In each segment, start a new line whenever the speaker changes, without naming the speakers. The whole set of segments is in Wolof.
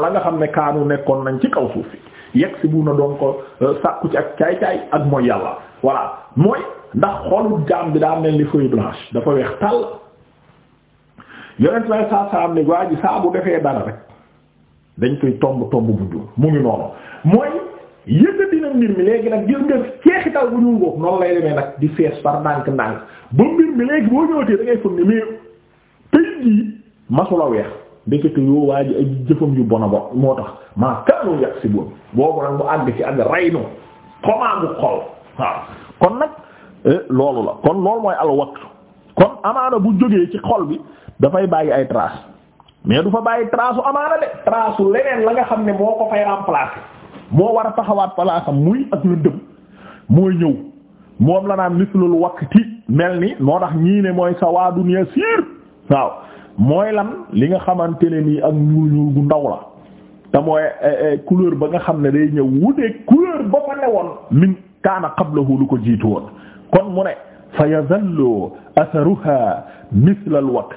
maa la nga xam ne kaanu nekkoon nañ ci kaw suuf si yegg si bu na doon ko euh, sàkku ci ak caay-caay ak mooy yàlla voilà mooy ndax xolu jaam bi daa mel ni feuille blanche dafa weex tàll yonent may saa saa am defee dara rek dañ koy tomb tomb bu jur mu ngi noonu mooy yëg mbir mi léegi nag gis nga ceexital bu ñu ngoog noonu lay demee nag di fees par dànk ndànk ba mbir mi léegi boo ñëwtee da ngay ni mais pays jii masula weex ndekete yoo waa ji jëfam yu bon a bon moo tax maa kaanu yàq si boobu boobu nag mu àgg ci ak rey nu xol waaw kon nag eh, loolu la kon loolu mooy alwaqt kon amaana bu jógee ci xol bi dafay bàyyi ay trace mais du fa bàyyi trace su amaana de trace leneen la nga xam ne moo ko fay remplacer moo war a taxawaat palaasam muy ak lu dëm mooy ñëw moom la naan mislul waqti mel ni moo tax ñii ne mooy sawaadun yasiir waaw mooy lan li nga xamante ne nii ak ñuul ñuul gu ndaw la te mooy eh, eh, couleur ba nga xam ne day ñëw wuteeg couleur ba fa newoon min kaana qablahu lu ko jiitu woon kon mu ne fa yazallu atharuha mithla al-wak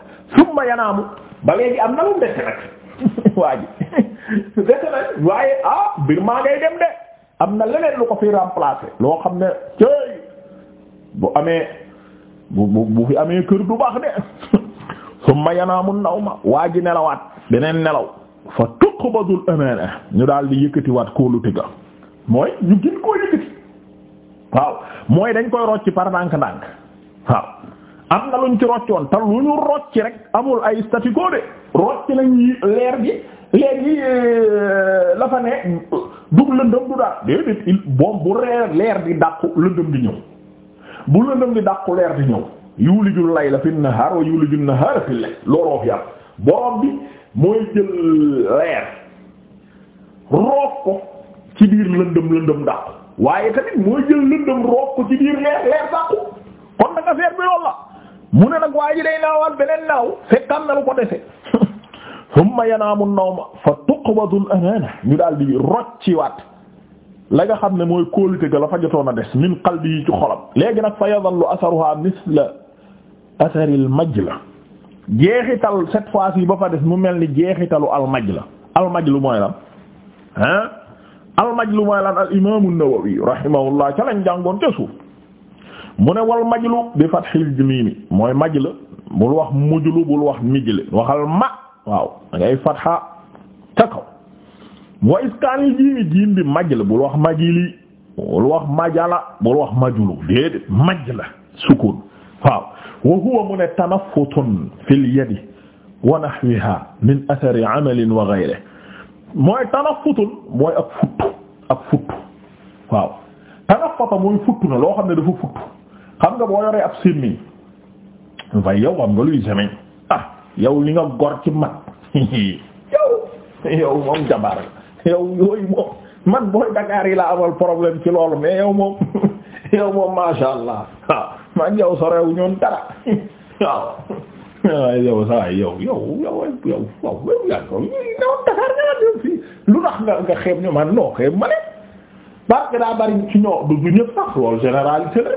yanaamu ba léegi am na lu ndese nag waaye ah mbir maa ngay dem de am na leneen lu ko fi remplacer loo xam ne cëy bu amee bu bu bu fi amee kër du baax de summa yanaamu ma waa ji nelawaat beneen nelaw fa tuqbadul amaana ñu daal di yëkkatiwaat kóolute ga mooy ñu gën koo yëkkati waaw mooy dañ koy rocci par ndànk-ndànk waaw am na luñ ci roccoon te lu ñu rocci rek amul ay statu quo de rocci nañ leer gi léegi euh, la fa ne dug lëndëm du daal déedéet il boom bu reer leer di dàqu lëndëm di ñëw bu lëndëm di dàqu leer di ñëw yuulijul layla fi nahaar wa yuulijul nahaara fi layl looloo fi am borom bi mooy jël leer roof ko ci biir lëndëm lëndëm dàqu waaye tamit mooy jël lëndëm roof ko ci biir leer leer dàqu kon nag affaire bi loolu la mu ne nag waa ji day naawal beneen naaw fekk am na lu ko defe summa yanaamu nawma fa tuqbadu amaana ñu daal di rocciwaat la nga xam ne mooy kóolute ga la fa a des min qalbi yi ci xolam léegi nag fa yadallu asaruha misla atharil majla jeexital cette fois-ci ba fa des mu mel ni jeexitalu al majla al majlu mooy lan ah al majlu mooy lan al imaamu Nawawi rahimahullah ca jàngoon te mu ne wal majlu bi fathil miimi mooy majla bul wax mujlu bul wax mijle waxal ma waaw da ngay fatha ca kaw wa iskaanil jiimi jiim bi majla bul wax majili bul wax majala bul wax majulu déedéet majla sukun waaw wa huwa mu ne tanaffutun fil yadi wa nahwiha min athari amalin wa ghayrihi mooy tanaffutun na loo xam ne dafa futtu xam nga boo yoree ab sémmiñ yow xam nga luy ah, yow li nga gor ci mat yow yow moom jabar yow yooyu moom man booy ci loolu mais yow moom yow moom masha Allah ah. maag yow sorewu ñoon dara waaw waaye yow sawaay yow yow yow yow waaw wéru yàgg yow ñuy nawoon Dakar ñaar yoon fii lu tax nga nga xeeb ñu man noo xeeb ma ne parce que daa bari ci ñoo du ñëpp sax loolu généralité la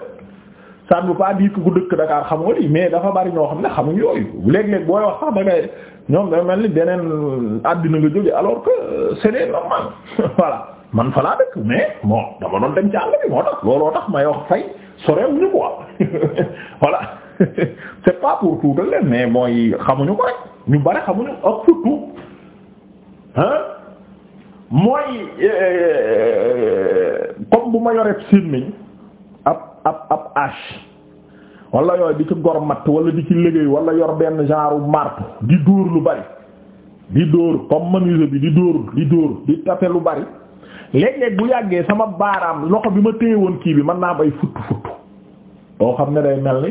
ça ne veut pas dire que ku dëkk Dakar xamoo lii mais dafa bari ñoo xam ne xamuñ yooyu léeg-léeg booy wax sax da ngay ñoom da mel ni beneen àddina nga jóge alors que c'est normal voilà man fa laa dëkk mais bon dama doon dem ci àll bi moo tax looloo tax may wax fay sorewuñu quoi voilà c'est pas pour tout leen mais mooy xamuñu ko rek ñu bari xamuñu ak surtout hein mooy euh, euh, comme bu ma yoreb sinmiñ ab ab ab ache wala yooyu di ci gor matt wala di ci liggéey wala yor benn genre marto di dóor lu bari di dóor comme menuisier bi di dóor di dóor di tape lu bari léeg bu yàggee sama baaraam loxo bi ma téye woon kii bi mën naa bay futt futt boo xam ne day mel ni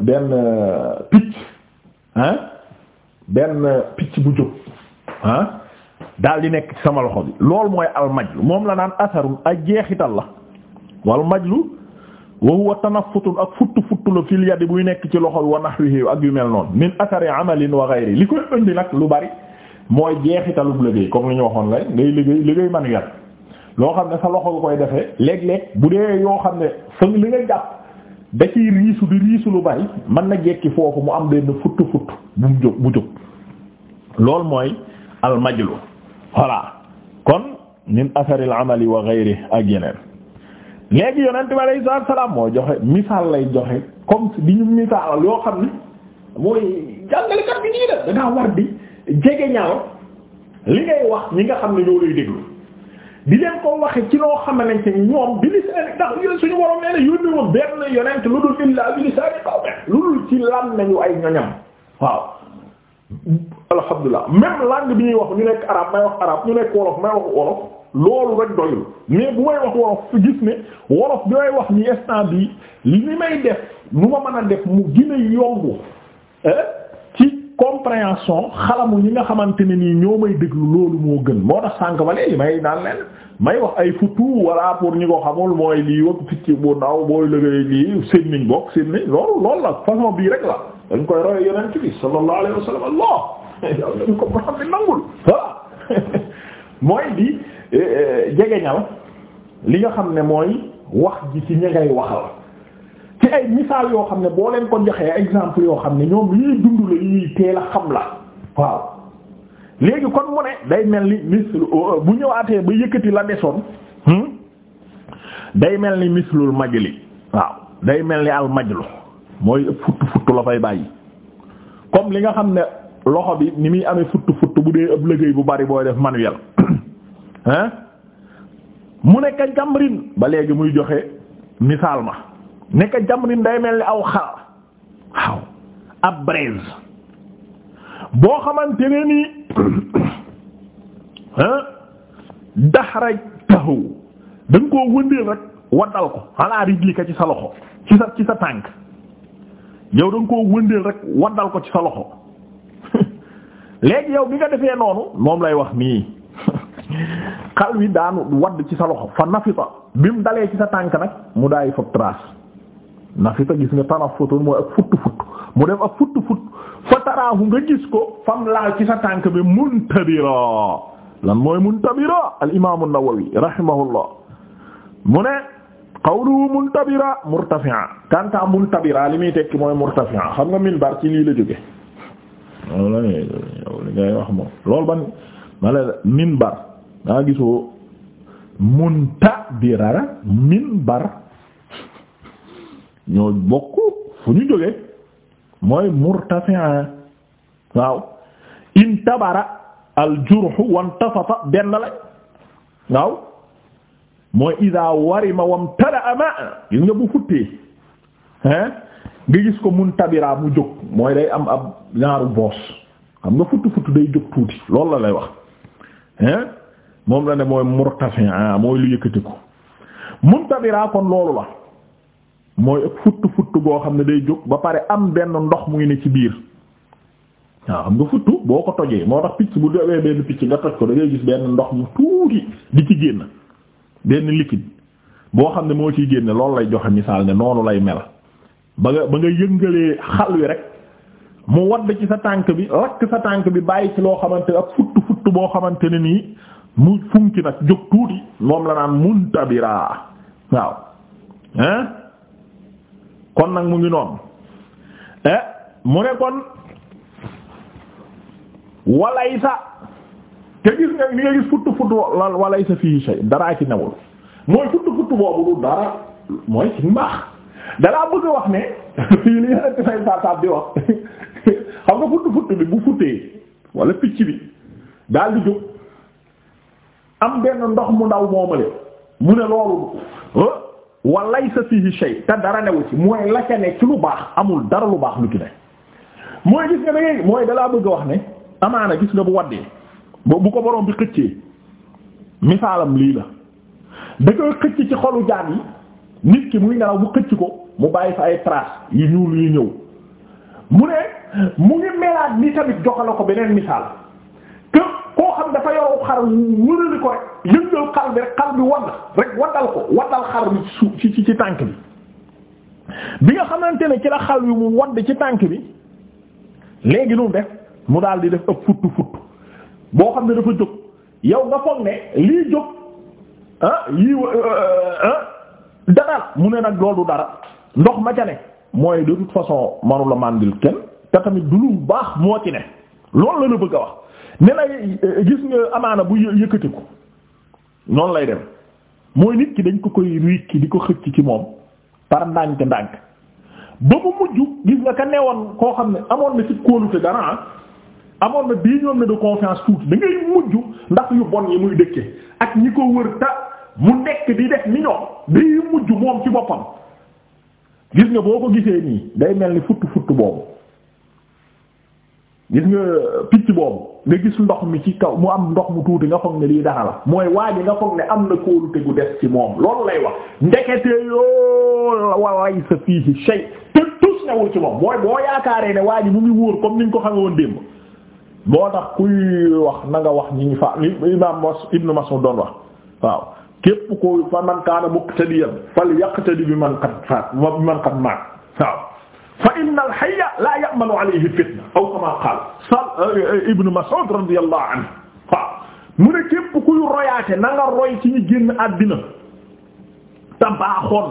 benn euh, picc ah benn euh, picc bu jóg ah daal di nekk sama loxo bi loolu mooy almajlu moom la naan asarul ay jeexital la wal majlu wa huwa tanaffutun ak futtu futtu la fil yadi buy nekk ci loxo bi wa nahwihi ak yu mel noonu min asari amalin wa ghayri li koy indi nag lu bari mooy jeexitalub liggéey comme li ñu waxoon lay ngay liggéey liggéey manuel loo xam ne sa loxo nga koy defee léeg-léeg bu dee yoo xam ne fa li nga jàpp da ciy riisu di riisu lu bari mën na jekki foofu mu am benn futt futt bu mu jóg bu jóg loolu mooy almajlu voilà kon min asaril amali wa ghayri ak yeneen léegi yonent bi alayhi moo joxe misaal lay joxe comme bi ñu misaal yoo xam ni mooy jàngalekat bi nii la dangaa war di jege ñaaw li ngay wax ñi nga xam ne ñoo lay déglu di leen ko waxee ci loo xamante ni ñoom bi lisaani ndax suñu borom nee na yónni woon benn yonent lu dul illaa bi lisaani qawmi lu dul ci lan nañu ay ñoñam waaw alhamdulilah même langue bi ñuy wax ñu nekk arab may wax arab ñu nekk wolof may wax wolof loolu rek doyul mais bu may wax wolof fu gis ne wolof bi may wax ni instant bi li may def nu ma mën a def mu gën a compréhension xalamu ñi nga xamante ne nii ñoo may déglu loolu moo gën moo tax sànq ba léegi may naan leen may wax ay futu walla pour ñi ko xamul mooy lii wëpp picc bu ndaw booy lëgëy lii seen niñ bokk seen niñ loolu loolu la façon bii rek la dañ koy roye yonent bi sallallahu alayhi yow dañ ko borom bi nangul voilà mooy di eh, eh, jegeñal li nga xam ne mooy wax ji ci ña ngay waxal ci ay misaal yoo xam ne boo leen ko joxee exemple yoo xam ne ñoom li ñuy dund la ñuy xam la waaw léegi kon mu ne day mel ni mis bu ñëwaatee ba yëkkati la desoon hmm? day mel ni mis mislul majli waaw day mel ni al majlu mooy futt futt la fay bàyyi comme li nga xam ne loxo bi ni muy amee futt futt bu dee ab liggéey bu bari booy def manuel hein mu nekk ka jamrin ba léegi muy joxe misaal ma nekka jamrin day mel ni aw xar waaw ab braise boo xamante ne nii daxara taxaw da nga koo wëndeel rek waddal ko ala rijlika ci sa loxo ci sa tànk yow da nga koo wëndeel rek waddal ko ci sa loxo léegi yow bi nga defee noonu moom lay wax nii xal wi daan wadd ci sa loxo fa nafita bi mu dalee ci sa tànk nag mu daay foog trace naxita gis nga tanaffutun mooy ak futt futt mu def ak futt futt fa taraahu nga gis ko fam laal ci sa tànk bi muntabira lan mooy muntabira al imam an mu ne qawluhu muntabira murtafi'a kanta muntabira li muy tekki mooy murtafi'a xam nga minbar ci lii la jóge wala yow li ma la minbar daa gisoo muntabira minbar ñoo bokk fu ñu jóge mooy murtafi'a waaw intabara al jurhu wantafata benn la waaw mooy ida warima wam tara ama gis nga bu futtee hein nga gis ko mun tabiraa mu jóg mooy day am ab ñaaru boos xam nga futt futt day jóg tuuti loolu la lay wax hein moom la ne mooy murtafi'a mooy lu yëkkati ko kon loolu la mooy ak futt futt boo xam ne day jóg ba pare am benn ndox muy ne ci biir waaw xam nga futt boo ko tojee moo tax picc bu dewee benn picc nga toj ko dangay gis benn ndox mu tuuti di ci génn benn liquide boo xam ne moo ciy génne loolu lay joxe misaal ne noonu lay mel ba nga ba nga yëngalee xal wi rek mu wadd ci sa tànk bi lakk sa tànk bi bàyyi ci loo xamante ne ak futt futt boo xamante ne nii mu funki nag jóg tuuti moom la naan muntabira waaw hein kon nag mu ngi noonu eh mu ne kon walaysa te gis nga li nga gis futt futt walaysa fii shay daraa ci newul mooy futt futt boobu du dara mooy ci mbaax dalaa bëgg wax ne fii li nga defay saasaab di wax xam nga futt futt bi bu futtee wala picc bi daal di jóg am benn ndox mu ndaw moomale mu ne loolu walaysa fihi shay te dara newu ci mooy la ca ne ci lu baax amul dara lu baax lu ci ne mooy gis nga da mooy dalaa bëgg wax ne amaana gis nga bu waddee bu ko borom bi xëccee misaalam lii la da koy xëcc ci xolu jaan yi nit ki muy nelaw bu xëcc ko mu bàyyi fa ay traces yu ñuul yu ñëw mu ne mu ngi melaat ni tamit joxala ko beneen misaal xam dafa yow xar wërali ko rek yëngal xar bi rek xar bi wadd rek waddal ko waddal xar bi su ci ci ci tànk bi bi nga xamante ne ci la xar bi mu wadd ci tànk bi léegi nu def mu daal di def ëpp futt futt boo xam ne dafa jóg yow nga foog ne lii jóg ah euh, euh, euh, mu ne nag loolu dara ndox ma ca ne mooy de toute façon manu màndil kenn te tamit du lu baax moo ci ne loolu la la bëgg a wax nelaw la gis nga amaana bu yëkkati ko noonu lay dem mooy nit ki dañ ko koy riig di ko xëcc ci moom par ndànk ndànk ba mu mujj gis nga ka newoon koo xam ne amoon na ci kóolute dara amoon na bii ñoom ne de confiance tuuti da ngay mujj ndax yu bon yi muy dëkke ak ñi ko wër ta mu nekk di def ni ñoom day mujj moom ci boppam gis nga boo ko gisee nii day mel ni futt futt boobu gis nga picc boobu nga gis ndox mi ci kaw mu am ndox mu tuuti nga foog ne lii dara la mooy waa ji nga foog ne am na kóolute gu des ci moom loolu lay wax ndekete yoo walay sa fiihi shay te tus newul ci moom mooy boo yaakaaree ne waa ji mu ngi wóor comme niñ ko xamee woon démb boo tax kuy wax na nga wax ñi fa imam ibnu Mas'ud doon wax waaw képp ko fa man kaana muqtadiyan fal yaqtadi bi man qad faat bi man qad maat waaw fa inna al-hayya la ya'manu alayhi fitna aw kama qaala eh, eh, Ibn Mas'ud radiyallahu anhu waaw mu ne képp kuy royaate na nga roy ci ñu génn àddina te baaxoon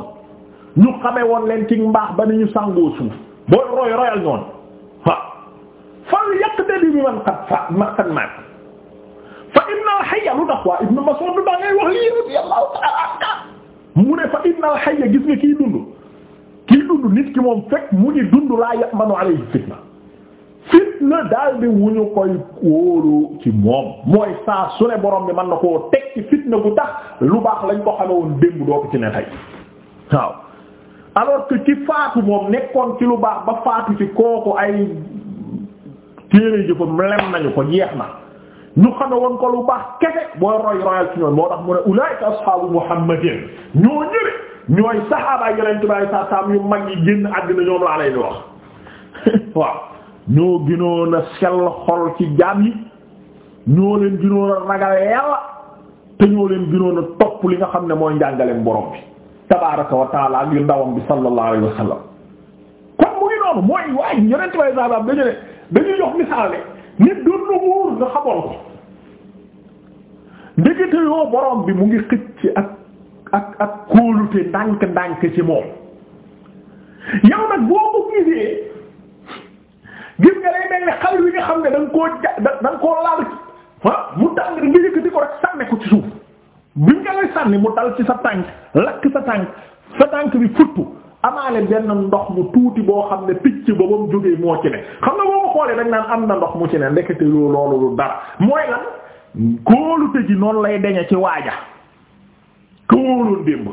ñu xamee woon leen ci mbaax ba ni ñu sàngoo suuf booy roy royal ñoon waaw fal yaqtadi bi man qad fa man qad maat fa inna al-hayya lu tax waa Ibn Mas'ud ba ngay wax lii radiyallahu ta'ala mu ne fa inna al-hayya gis nga kiy dund. kii dund nit ki moom fekk mu ngi dund laa yamanu alayhi fitna fitna daal bi wu ñu koy wóolu ci moom mooy saa su ne borom bi mën na koo teg ci fitna bu tax lu baax lañ ko xame woon démb doo ko ci ne tey waaw alors que ci faatu moom nekkoon ci lu baax ba faatu ci kooku ay téere jëfam lem nañu ko jeex na ñu xame woon ko lu baax kese booy roy royal ci ñoom moo tax mu ne ulaika ashabu muhammadin ñoo ñëre ñooy saxaabaay yu mag yi génn àddina ñoom laa lay di wax waaw ñoo gënoon a sell xol ci jaam yi ñoo leen gënoon a ragal te ñoo leen gënoon a topp li nga xam ne mooy njàngaleem borom bi tabaaraka wa yu ndawam bi sallallahu alayhi kon mu ngi noonu mooy waaye yonent bi saa dañu ne dañuy jox misaal ne nit doon na nga xamoon ko ndekete yoo borom bi mu ngi xëcc ak. ak ak kóolute ndànk dànk ci moom yow nag boo ko gisee gis nga lay mel ne xal wi nga xam ne da nga koo ja da koo laal ah mu tàng nga ko rek sànne ko ci suuf bi nga lay sànni mu dal ci sa tànk lakk sa tànk sa tànk bi futtu amaale benn ndox mu tuuti boo xam ne picc ba mu jógee moo ci ne xam nga boo ko xoolee dañ naan am na ndox mu ci ne ndekete loolu lu dara mooy lan kóolute ji noonu lay deñe ci waaja ko wóoroon démb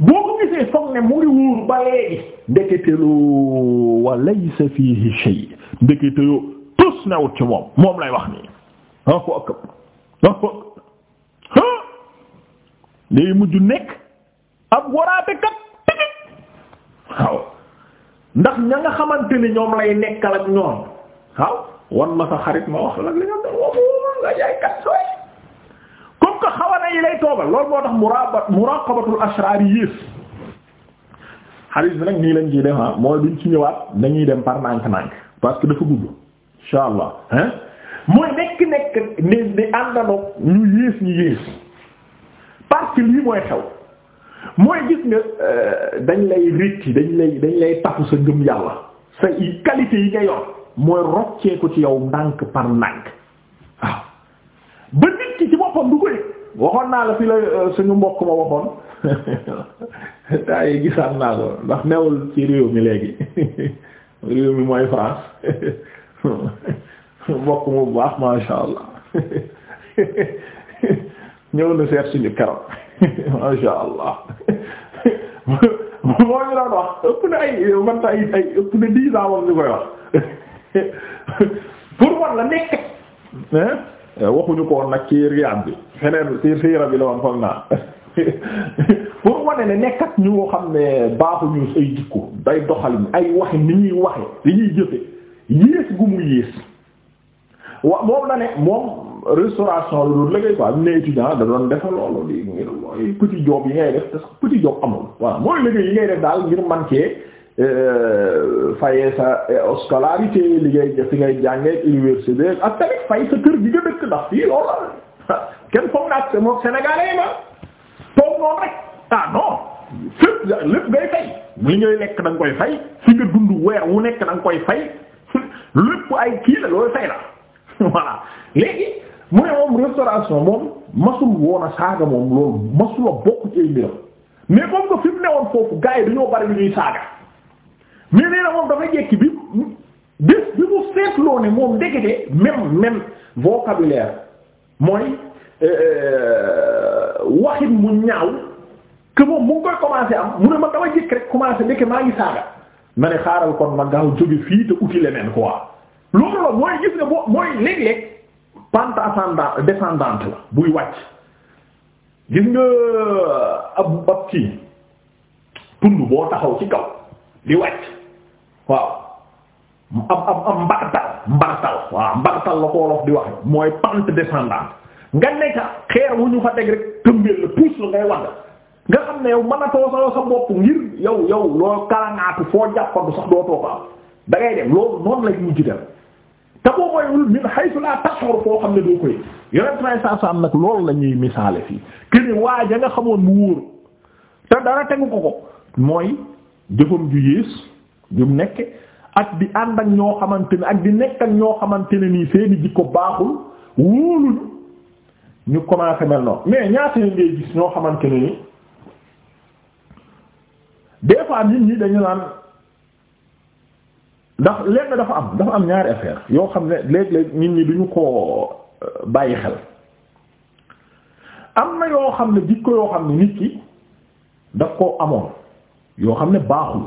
boo ko gisee foog ne mu ngi wóor ba léegi ndeketelu wa laysa fiihi shay ndeketelu tus newut ci moom moom lay wax nii ah mujj nekk ab waraate kat waaw ndax ña nga xamante ni ñoom lay nekkal ak ñoom waaw wan ma sa xarit ma wax la li nga doon woo nga jaay kat sooy. comme xawana yi lay toogal loolu moo tax muraqaba muraqabatul ashrar yi yées xalis bi nag nii lañ ciy def ah mooy duñ ci ñëwaat dañuy dem par nànk-nànk parce que dafa gudd insha allah hein mooy nekk nekk ni di àndandoo ñu yées ñu yées parce lii mooy xew mooy gis nga euh, dañ lay rétti dañ lay dañ lay tafu sa ngëm yàlla sa qualité yi nga yor mooy roccee ko ci yow ndànk par ndànk boppam du ko yëg naa la fi la euh, suñu mbokk ma waxoon taa yi gisaan naa ko ndax newul ci réew mi léegi réew mi mooy France mbokk mu baax masha allah ñëw na seet suñu keroog masha allah moo ñu doon wax ëpp na ay ëpp na dix ans moom ñu koy wax pour man la nekk Euh, waxuñu ko woon nag ci Riyad bi feneen ci siira bi la woon foog naa pour wane ne nekkat ñu xam ne baaxuñu ay bay day doxalin ay waxe ni ñuy waxe li ñuy jëfe yées gu mu yées wa moom la ne moom restauration lu dul liggéey quoi bu ne étudiant da loolu di ngir mooy job yi ngay def parce que petit job amul voilà mooy liggéey yi ngay def daal ngir man Euh, fayee sa euh, scolarité li ngay fi ngay jàngee université ak tamit fay sa kër gi nga dëkk ndax fii loolu kenn foog na ak moom sénégalais ma toog noonu rek ah non fépp lépp ngay fay li ngay lekk da koy fay fi nga dund weer wu nekk da koy fay lépp ay kii la looy fay la voilà léegi mu ne moom restauration moom masul woon a saaga moom loolu masula bokk ci ay mbiram mais comme que fi ne woon foofu gars yi dañoo bari lu ñuy saaga mais nee na moom dafa jekki bi bés bi mu seetloo ne moom ndekete même même vocabulaire mooy euh, euh, waxin mu ñaaw que moom mu ngi koy commencer am mu ne ma dama jëkk rek commencer ndeke maa ngi saaga ma ne xaaral kon ma gaaw jóge fii te uti leneen quoi loolu la mooy gis nga boo mooy léeg-léeg pente descendante la buy wàcc gis nga euh, ab ab kii tund boo taxaw ci kaw di wàcc waaw am am am mbartal mbartal waaw mbartal la ko wolof di wax mooy pente descendante nga nekka xeer wu ñu fa teg rek tëmbeel la puus la ngay wàll nga xam ne yow mën a toosoo sa bopp ngir yow yow loo kalaŋaatu foo jàppandu sax doo too ko am da ngay dem loolu noonu lañ mujj dem te boo mooyul min haythu la foo xam ne doo koy yonent may saa saa am nag loolu la misaale fii kene waa ja nga xamoon mu wóor te dara tegu ko ko mooy jëfam ju yées bi mu nekk ak di ànd ak ñoo xamante ne ak di nekk ak ñoo xamante ne nii seeni jikko baaxul wóolul ñu commencé mel noonu mais ñaata yi ngay gis ñoo xamante ne nii des fois nit ñii dañu naan ndax lenn dafa am dafa am ñaari affaire yoo xam ne léeg-léeg nit ñi duñu ko euh, bàyyi xel am na yoo xam ne jikko yoo xam ne nit ki daf ko amoon yoo xam ne baaxul.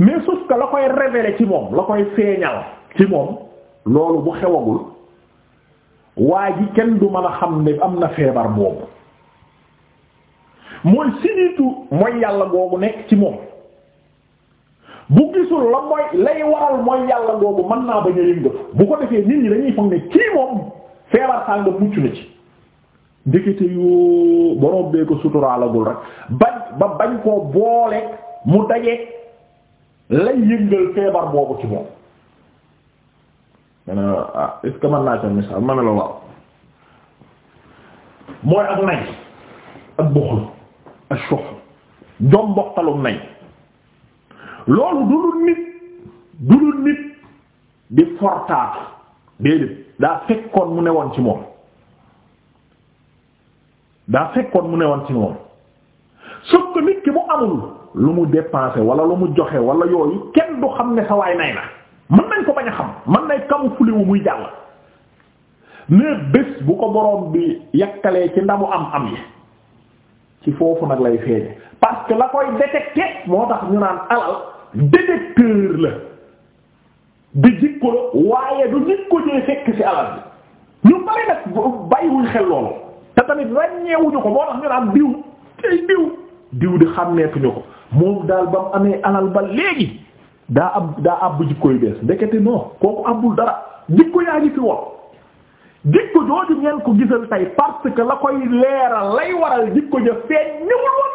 mais sauf que la koy révéler ci moom la koy feeñal ci moom loolu bu xewagul waa ji kenn du mën a xam ne am na feebar boobu mooy sinitu mooy yàlla googu nekk ci moom bu gisul la mooy bañ bu ko defee nit ñi dañuy foog ne kii moom feebar sànga mucc na ci ndekete yoo borom ko suturaalagul rek ba bañ koo boole mu daje lay yëngal feebar boobu ci moom ma ne ah mën naa ca misaal ma ne la waaw mooy ak nay ak buxul ak sox jom mboqalum loolu du lu nit du lu nit di fortaatu déedéet daa fekkoon mu newoon ci moom daa fekkoon mu newoon ci moom sauf que nit ki mu amul lu mu dépensé wala lu mu joxe wala yooyu kenn du xam ne sa waay nay na mën nañ ko bañ a xam mën nañ camoufler wu muy jàll mais bés bu ko boroom bi yàkkalee ci ndamu am am yi ci foofu nag lay feeñe parce que la koy détecté moo tax ñu naan alal détecteur la di jikko la waaye du jikko jee fekk ci alal bi ñu bari nag bàyyiwuñ xel loolu te tamit ràññeewuñu ko moo tax ñu naan diw diw diw di xàmmeetuñu ko moom daal ba mu amee alal ba léegi daa am daa àbb jikko yu bees ndekete non kooku àbbul dara jikko yaa ngi fi woon jikko jooju ngeen ko gisal tey parce que la koy leeral lay waral jikko ja feeñ ñëwul woon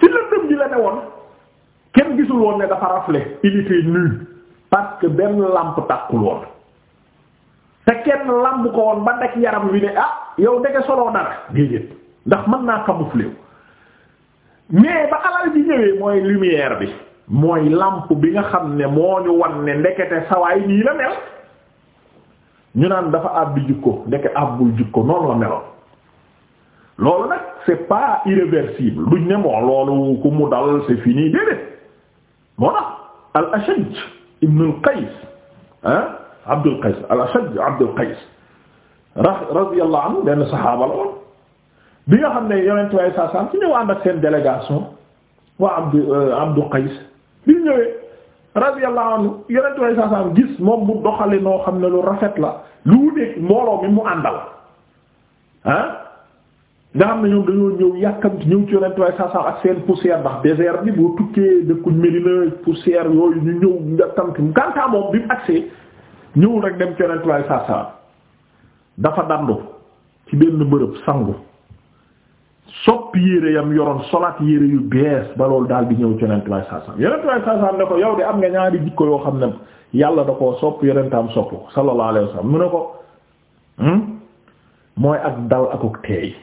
ci lëndëm ji la ne woon kenn gisul woon ne dafa raflet il était nu parce que benn làmp tàkkul woon te kenn làmp ko woon ba daj yaram wi ne ah yow ndeke soloo dara déedéet ndax mën naa camoufler mais ba alal ji ñëwee mooy lumière bi mooy làmp bi nga xam ne moo ñu wan ne ndekete sawaay nii la mel ñu naan dafa àbbi jikko ndeke àbbul jikko noonu la meloon loolu nag c'est pas irréversible duñ ne moo loolu ku mu dal c'est fini déedéet moo tax al ashaj ibn al qais ah abdul qais al ashaj abdul qais ra radiyallahu anhu benn saxaaba la woon bi nga xam ne yonent way saa saam ci ñëw ànd ak seen délégation waa Abdu euh, Abdu Qays bi ñëwee radiyallahu anhu yonent saa saam gis moom mu doxale noo xam ne lu rafet la lu wuteek mbooloo mi mu àndal ah nga xam ne ñoom dañoo ñëw yàkkamti ñëw ci yonent way saa ak seen poussière ndax désert bi moom bi mu agsee ñëwul rek dem ci yonent way saa saam dafa dandu ci benn bërëb sangu soppi yére yam yoroon solaat yére yu bees ba loolu daal di ñëw ci yonent baay saasaam yonent baay saasaam ne ko yow de am nga ñaari jikko yoo xam ne yàlla da koo sopp yonentam sopp ko sallallahu alayhi wasallam mu ne ko hmm? mooy ak dal akuk teey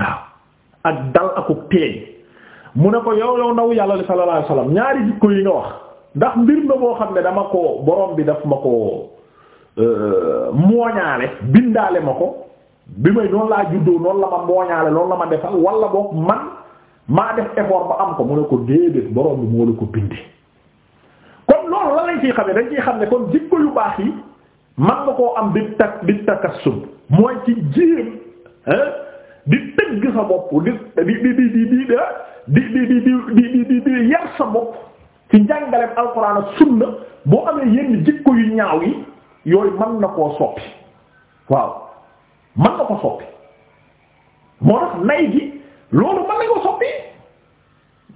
waaw ak dal akuk teey mu ne ko yow yow ndaw yàlla li sallallahu alayhi wasallam ñaari jikko yi nga wax ndax mbir na boo xam ne dama ko borom bi daf ma ko euh, mooñaale bindaale ma ko bi may noonu laa juddoo noonu la ma mooñaale loolu la ma defal wala boog man maa def effort ba am ko mu ne ko déedéet borom bi moo la ko bindee kon loolu la lañ ciy dañ ciy xam ne kon jikko yu baax yi man nga koo am di tak di ci jéem di sa bopp di di di amee yenn jikko yu ñaaw yi yooyu mën na koo soppi waaw. mën na ko soppi moo tax nay gi loolu mën na ko soppi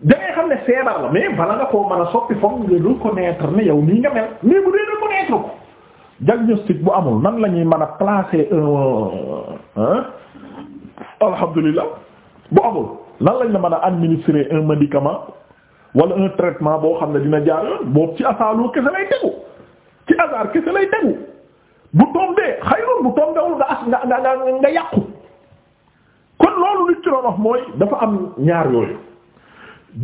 da xam ne feebar la mais bala nga koo mën a soppi foog nga reconnaître ne yow nii nga mel mais bu dee reconnaître ko diagnostic bu amul nan la ñuy mën a placer un alhamdulilah bu amul nan lañ la mën a administrer un médicament wala un traitement boo xam ne dina jaar yoon boobu ci asaaloo kese lay tegu ci hasard kese lay tegu bu tombee xayrun bu tombewul nga as nga nga nga yàqu kon loolu li ci doon wax mooy dafa am ñaar yooyu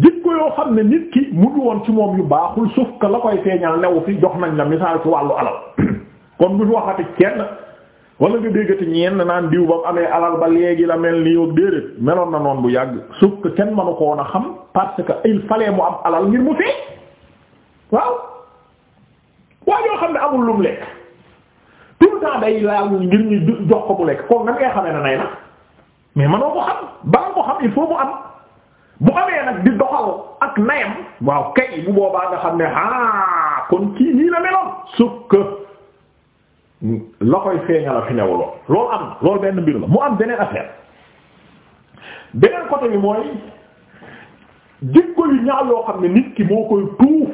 jikko yoo xam ne nit ki munu woon ci moom yu baaxul sauf que la koy feeñal newu fi jox nañ la misaal ci wàllu alal kon bu ñu waxati kenn wala nga déggati ñeen naan diw ba mu amee alal ba léegi la mel nii ak déedéet meloon na noonu bu yàgg sauf que kenn manu ko woon a xam parce que il fallait mu am alal ngir mu fee waaw waaye yoo xam ne amul lum lekk tout le temps day laal ngir ñu jox ko bu lekk kon nan ngay xamee ne nay na mais mënoo ko xam baa ko xam il faut mu am bu amee nag di doxal ak nayam waaw kay bu boobaa nga xam ne ah kon kii nii la meloon sukk la koy feeñal a fi newuloon loolu am na loolu benn mbir la mu am beneen affaire beneen côté bi mooy jikko yu ñaaw yoo xam ne nit ki moo koy tuuf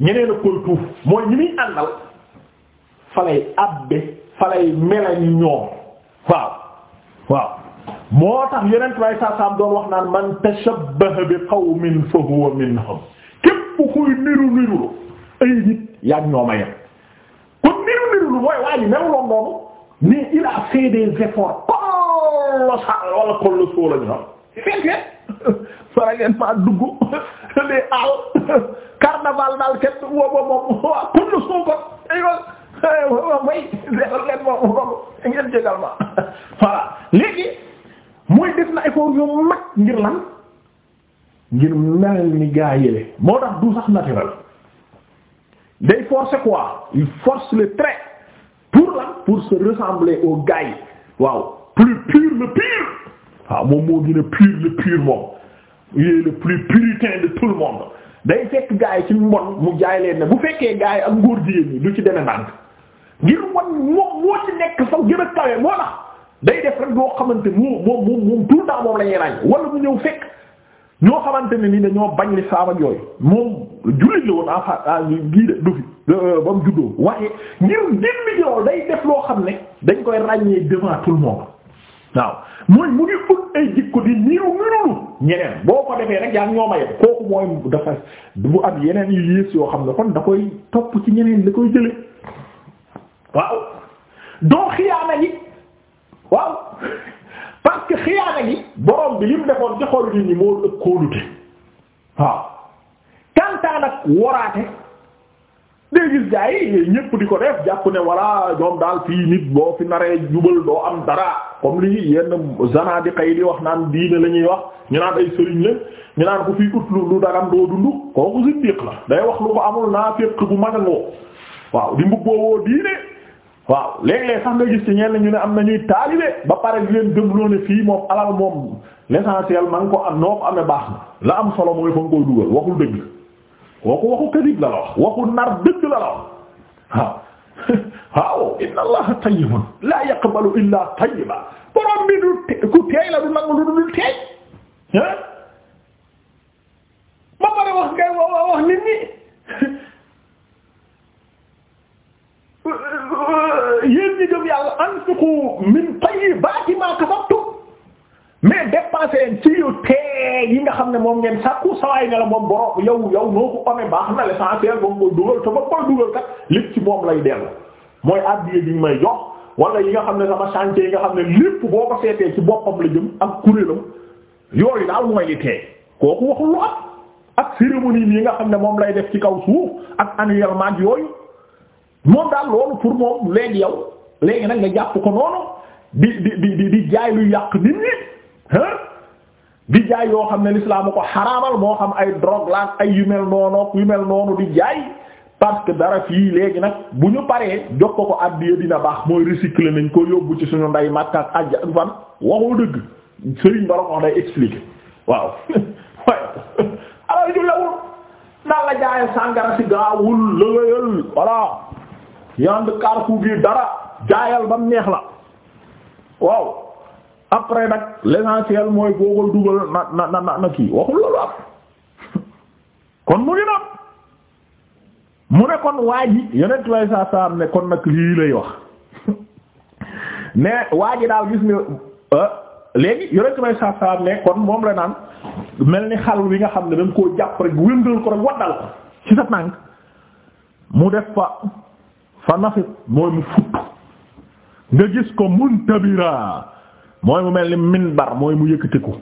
ñeneen a koy tuuf mooy ñi muy àndal fa lay abbe fa lay mela ni ñoom waaw moo tax yeneen way sa sam doon wax naan man tashabbaha bi qawmin fa huwa minhum képp kuy niru nirulu ay nit yaag ñooma yem kon niru nirulu mooy waa ji loon noonu mais il a fait des efforts colossaux wala colossaux la ñu xam feet feet fara ngeen ma dugg carnaval daal kenn booba moom waa colossaux kon may leeral léegi mooy def na effort yu mag ngir lan ngir mel ni gaa yële moo tax du sax naturel day forcer quoi il force le trait pour lan pour se ressembler au gars yi waaw plus pur le pire waaw moom moo gën a pur le pire moom il le plus puritain de tout le monde day fekk gars yi ci mbon mu jaay leen ne bu fekkee gars yi ak góor jigéen ñi du ci demee ngir wan moom moo ci nekk fa gën a kawe moo tax day def rek yoo xamante moom moom moom tout moom la ràññ wala mu ñëw fekk ñoo xamante ne ni dañoo bañ li saam ak yooyu moom jullit la woon en fait gii ah du fi euh, ba mu juddoo waaye ngir dimbi jool day def loo xam ne dañ koy ràññee devant tout le monde waaw mooy mu ngi ut ay jikko di niiru niirulu ñeneen boo ko defee rek yaa ngi ñoo maye kooku mooy dafa bu am yeneen yu yées yoo xam ne kon da koy topp ci ñeneen da koy jële waaw doo xiyaana gi waaw parce xiyaana gi borom bi lim defoon ci xol nit ñi moo ëpp kóolute waaw kantaan ak waraate day gaa yi ñépp di ko def jàpp ne walla ñoom daal fii nit boo fi naree jubal doo am dara comme lii yenn zanadiqa yi di wax naan diine la ñuy wax ñu naan ay sëriñ la ñu naan ku fi ut lu lu daram doo dund kooku siddiq la day wax lu ko amul naa féq bu magangoo waaw di mbubboo woo diine waaw léeg-léeg sax nga gis ci ñenn ñu ne am na ñuy taalibe ba pare di leen gëmloo ne fii moom alal moom l'essentiel na nga ko am noo ko la am solo mooy fa nga waxul dëgg kooku waxu kadib la la wax waxu nar dëgg la la wax waaw waaw inna allaha la yaqbalu illa tayyiba borom bi du ku teey la du nangu lu dul teey ba pare wax ngay wax nit ñi yéen ñi gëm yàlla anfiqu min tayyibati ma kasabtum mais dépensé ci yu tee yi nga xam ne moom ngeen sàkku sawaay ne moom borom yow yow noo ko amee baax na l'essentiel moom mooy dugal te ba koy dugal kat lépp ci moom lay dellu mooy addiye bi ñu may jox wala yi nga xam ne sama chantier yi nga xam ne lépp boo ko seetee ci boppam la jëm ak kuréelam yooyu daal mooy li tee kooku waxul lu ak cérémonie yi nga xam ne moom lay def ci kaw suuf ak annuellement yooyu. moom daal loolu pour moom léegi yow léegi nag nga jàpp ko noonu di di di di jaay lu yàq nit ñi ah di jaay yoo xam ne l'islam ko xaraamal moo xam ay drogue laag ay yu mel noonu yu mel noonu di jaay parce que dara fii léegi nag bu ñu paree jox ko ko addiya dina baax mooy recycler nañ ko yóbbu ci suñu nday Makka ak àjà fan waxoo dëgg Serigne Ba wax day expliquer waaw alors ñu lewul naan la jaayee sàngara si gaawul lëgëyal voilà. yand Carrefour bi dara jaayal bam neex la waaw après nag l'essentiel mooy boo ko dugal na na na na kii waxul loolu am kon mu ngi nag mu ne kon waa ji yonent lay saa saa am ne kon nag lii lay wax mais waa ji daal gis nga ah, léegi yonent lay saa saa am ne moom la mel ni xal bi nga xam ne dañ koo jàpp rek wëndal ko rek waddal ci sa tànk mu def fa fa nafit mooy mu futt nga gis ko muntabira mooy mu mel ni minbar mooy mu yëkkatiku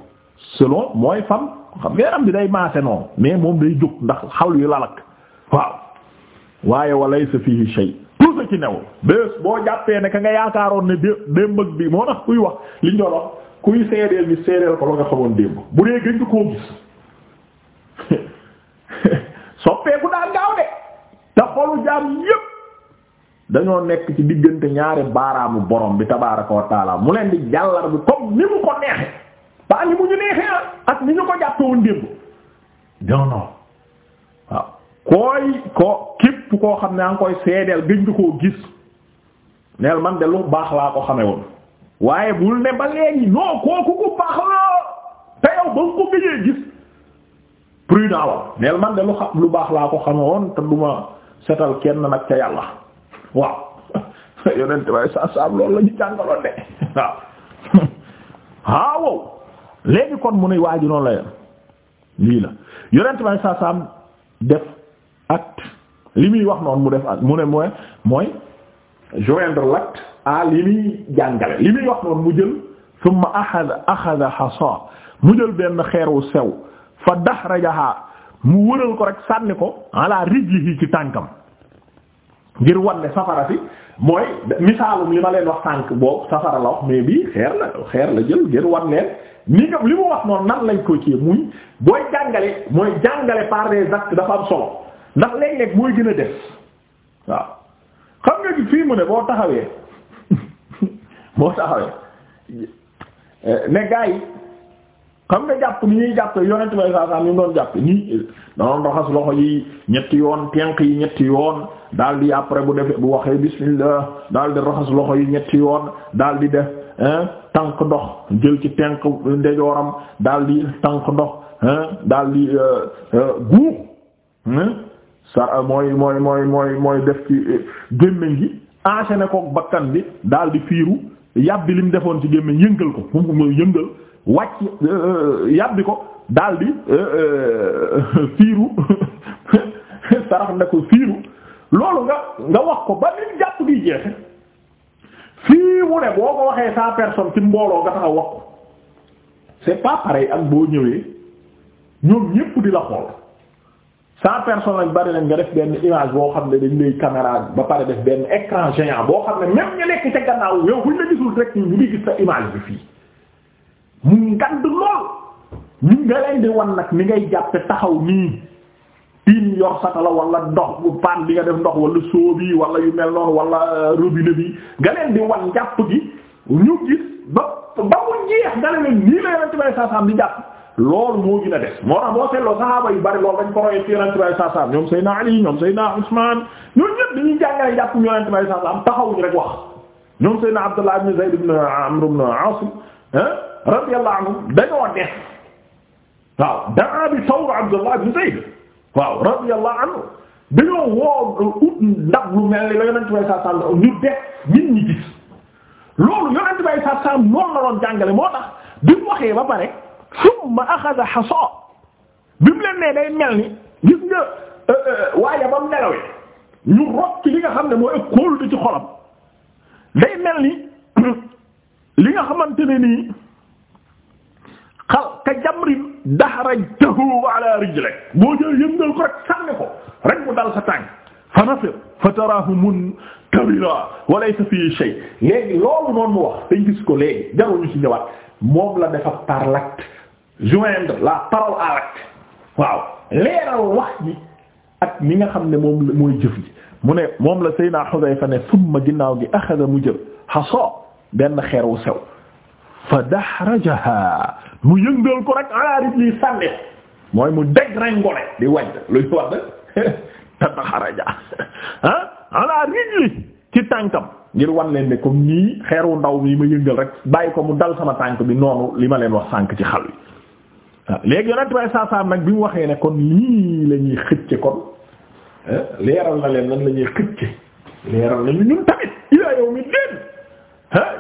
selon mooy fam xam nga am di day maase mais moom day jóg ndax xawlu yu lalak waaw waaye walaysa fihi shay new boo jàppee nga yaakaaroon ne dé démb bi moo tax kuy wax liñ doon wax kuy seedeel bi seedeel ko la nga xamoon démb bu dee gën koo gis soppeeku daa gaaw de te xolu jaam yépp dañoo nekk ci diggante ñaari baaraamu borom bi tabaaraka wa taala mu leen di jàllar bi comme ni mu ko neexe ba ni mu ñu neexe ah ak ni ñu ko jàppe démb non non kooy ko képp koo xam ne a ngi koy seedeel gëj nga koo gis neel man de baax laa ko xame woon waaye bul lu lu baax laa ko xame woon te duma setal kenn nag ca yàlla waaw yonent bay sa la ñu jàngaloon de waaw ah, waaw léegi kon mu ne waaju noonu la yem lii la yonent bay sa saab def acte li muy wax noonu mu def acte mu ne mooy mooy joindre l'acte à li muy jàngale li muy wax noonu mu jël summa axada axada xasa mu jël benn xeeru sew fa daxrajaha mu wëral ko rek sànni ko ala rijlihi ci tànkam ngir wan ne safara si mooy misaalum li ma leen wax tànk boobu safara la wax mais bii xeer la xeer la jël ngir wan leen ni nga li mu wax noonu nan lañ ko ci muy booy jàngale mooy jàngale par des actes dafa am solo ndax léeg-léeg mooy gën a def waaw xam nga fii mu ne boo taxawee boo taxawee ne gaa yi xam nga jàpp ni ñuy jàpp yonent bay saa saa ni doon jàpp nii danoon raxas loxo yi ñetti yoon tenq yi ñetti yoon daal di après bu defee bu waxee bismillah daal di raxas loxo yi ñetti yoon daal di def tànk ndox jël ci tenq ndejooram daal di tànk ndox daal di euh, euh, guux sa euh, mooy mooy mooy mooy mooy def ci gémmiñ gi enchaîné kook bakkan bi daal di fiiru yàbbi lim defoon ci gémmiñ yëngal ko moom mooy yëngal wàcc euh, euh, yàbbi ko daldi euh, fiiru sarax na ko fiiru loolu nga nga wax ko ba nit jàpp gi jeexe fii mu ne boo ko waxee cent personne ci mbooloo nga taxaw wax ko c'est pas pareil ak boo ñëwee ñoom ñépp di la xool cent personnes lañ bari nañ nga def benn image boo xam ne dañ lay caméra ba pare def benn écran géant boo xam ne même ñu nekk ca gannaaw yow buñ la gisul rek ñu ngi gis sa image bi fii mu ngand lool ñu nga leen nag ni ngay jàppe taxaw nii tiim yor satala wala ndox bu paan bi nga def ndox wala wala yu mel noonu wala euh, robinet bi nga leen di wan jàpp gi gis ba ba mu jeex nga leen nii la yonent bay saasaam di jàpp loolu moo gën a des moo tax boo seetloo saxaaba yu bari loolu dañ ko royee ci yonent bay saasaam ñoom Seydina Ali ñoom Seydina Usmaan ñoom ñëpp dañuy jàngale jàpp yonent bay saasaam taxaw ñu wax ñoom Seydina Abdullah ibn Zayd ibn radiyallahu anhum dañoo def waaw daa bi Sawr Abdullah ibn Zayd waaw radiyallahu anhu dañoo woo ut ndax lu mel ni la yonent bay saa saam ñu def nit ñi gis loolu yonent bay saa saam noonu la doon jàngale moo tax bi mu waxee ba pare summa axada xaso bi mu leen nee day mel ni gis nga euh, euh, waaye ba mu nelawee ñu rot ci li nga xam ne mooy kóolu ci xolam day mel ni li nga xamante ne nii xal ka jamrin dahrajtahu ala rijlik boo jël yëngal ko rek sànni ko rek mu dal sa tànk fa nafir fa taraahu muntabira wa laysa fihi shay léegi loolu noonu mu wax dañ gis ko léegi jarul ñu ci ñëwaat moom la dafa par l'acte joindre la parole à l'acte waaw leeral wax ji ak mi nga xam ne moom la mooy jëf ji mu ne moom la Seydina Xudayfa ne summa ginnaaw gi axada mu jël xaso benn xeer wu sew fa dahrajaha mu yëngal ko rek ala rijli sànni mooy mu deg rengole di wàññi luy wax de te dahraja ah ala rijli ci tànkam ngir wan leen ne comme nii xeeru ndaw mi ma yëngal rek bàyyi ko mu dal sama tànk bi noonu li ma leen wax sànk ci xal wi waaw ah, léegi yonent bay saasaam nag bi mu waxee ne kon lii la ñuy xëcce kon eh, leeral na leen lan la ñuy xëcce leeral nañu ñun tamit ila yow mi leen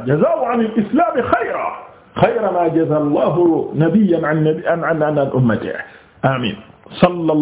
jazaahu an al-islaami xayran xayra maa jazaa Allahu nabiyyan an ummatihi amiin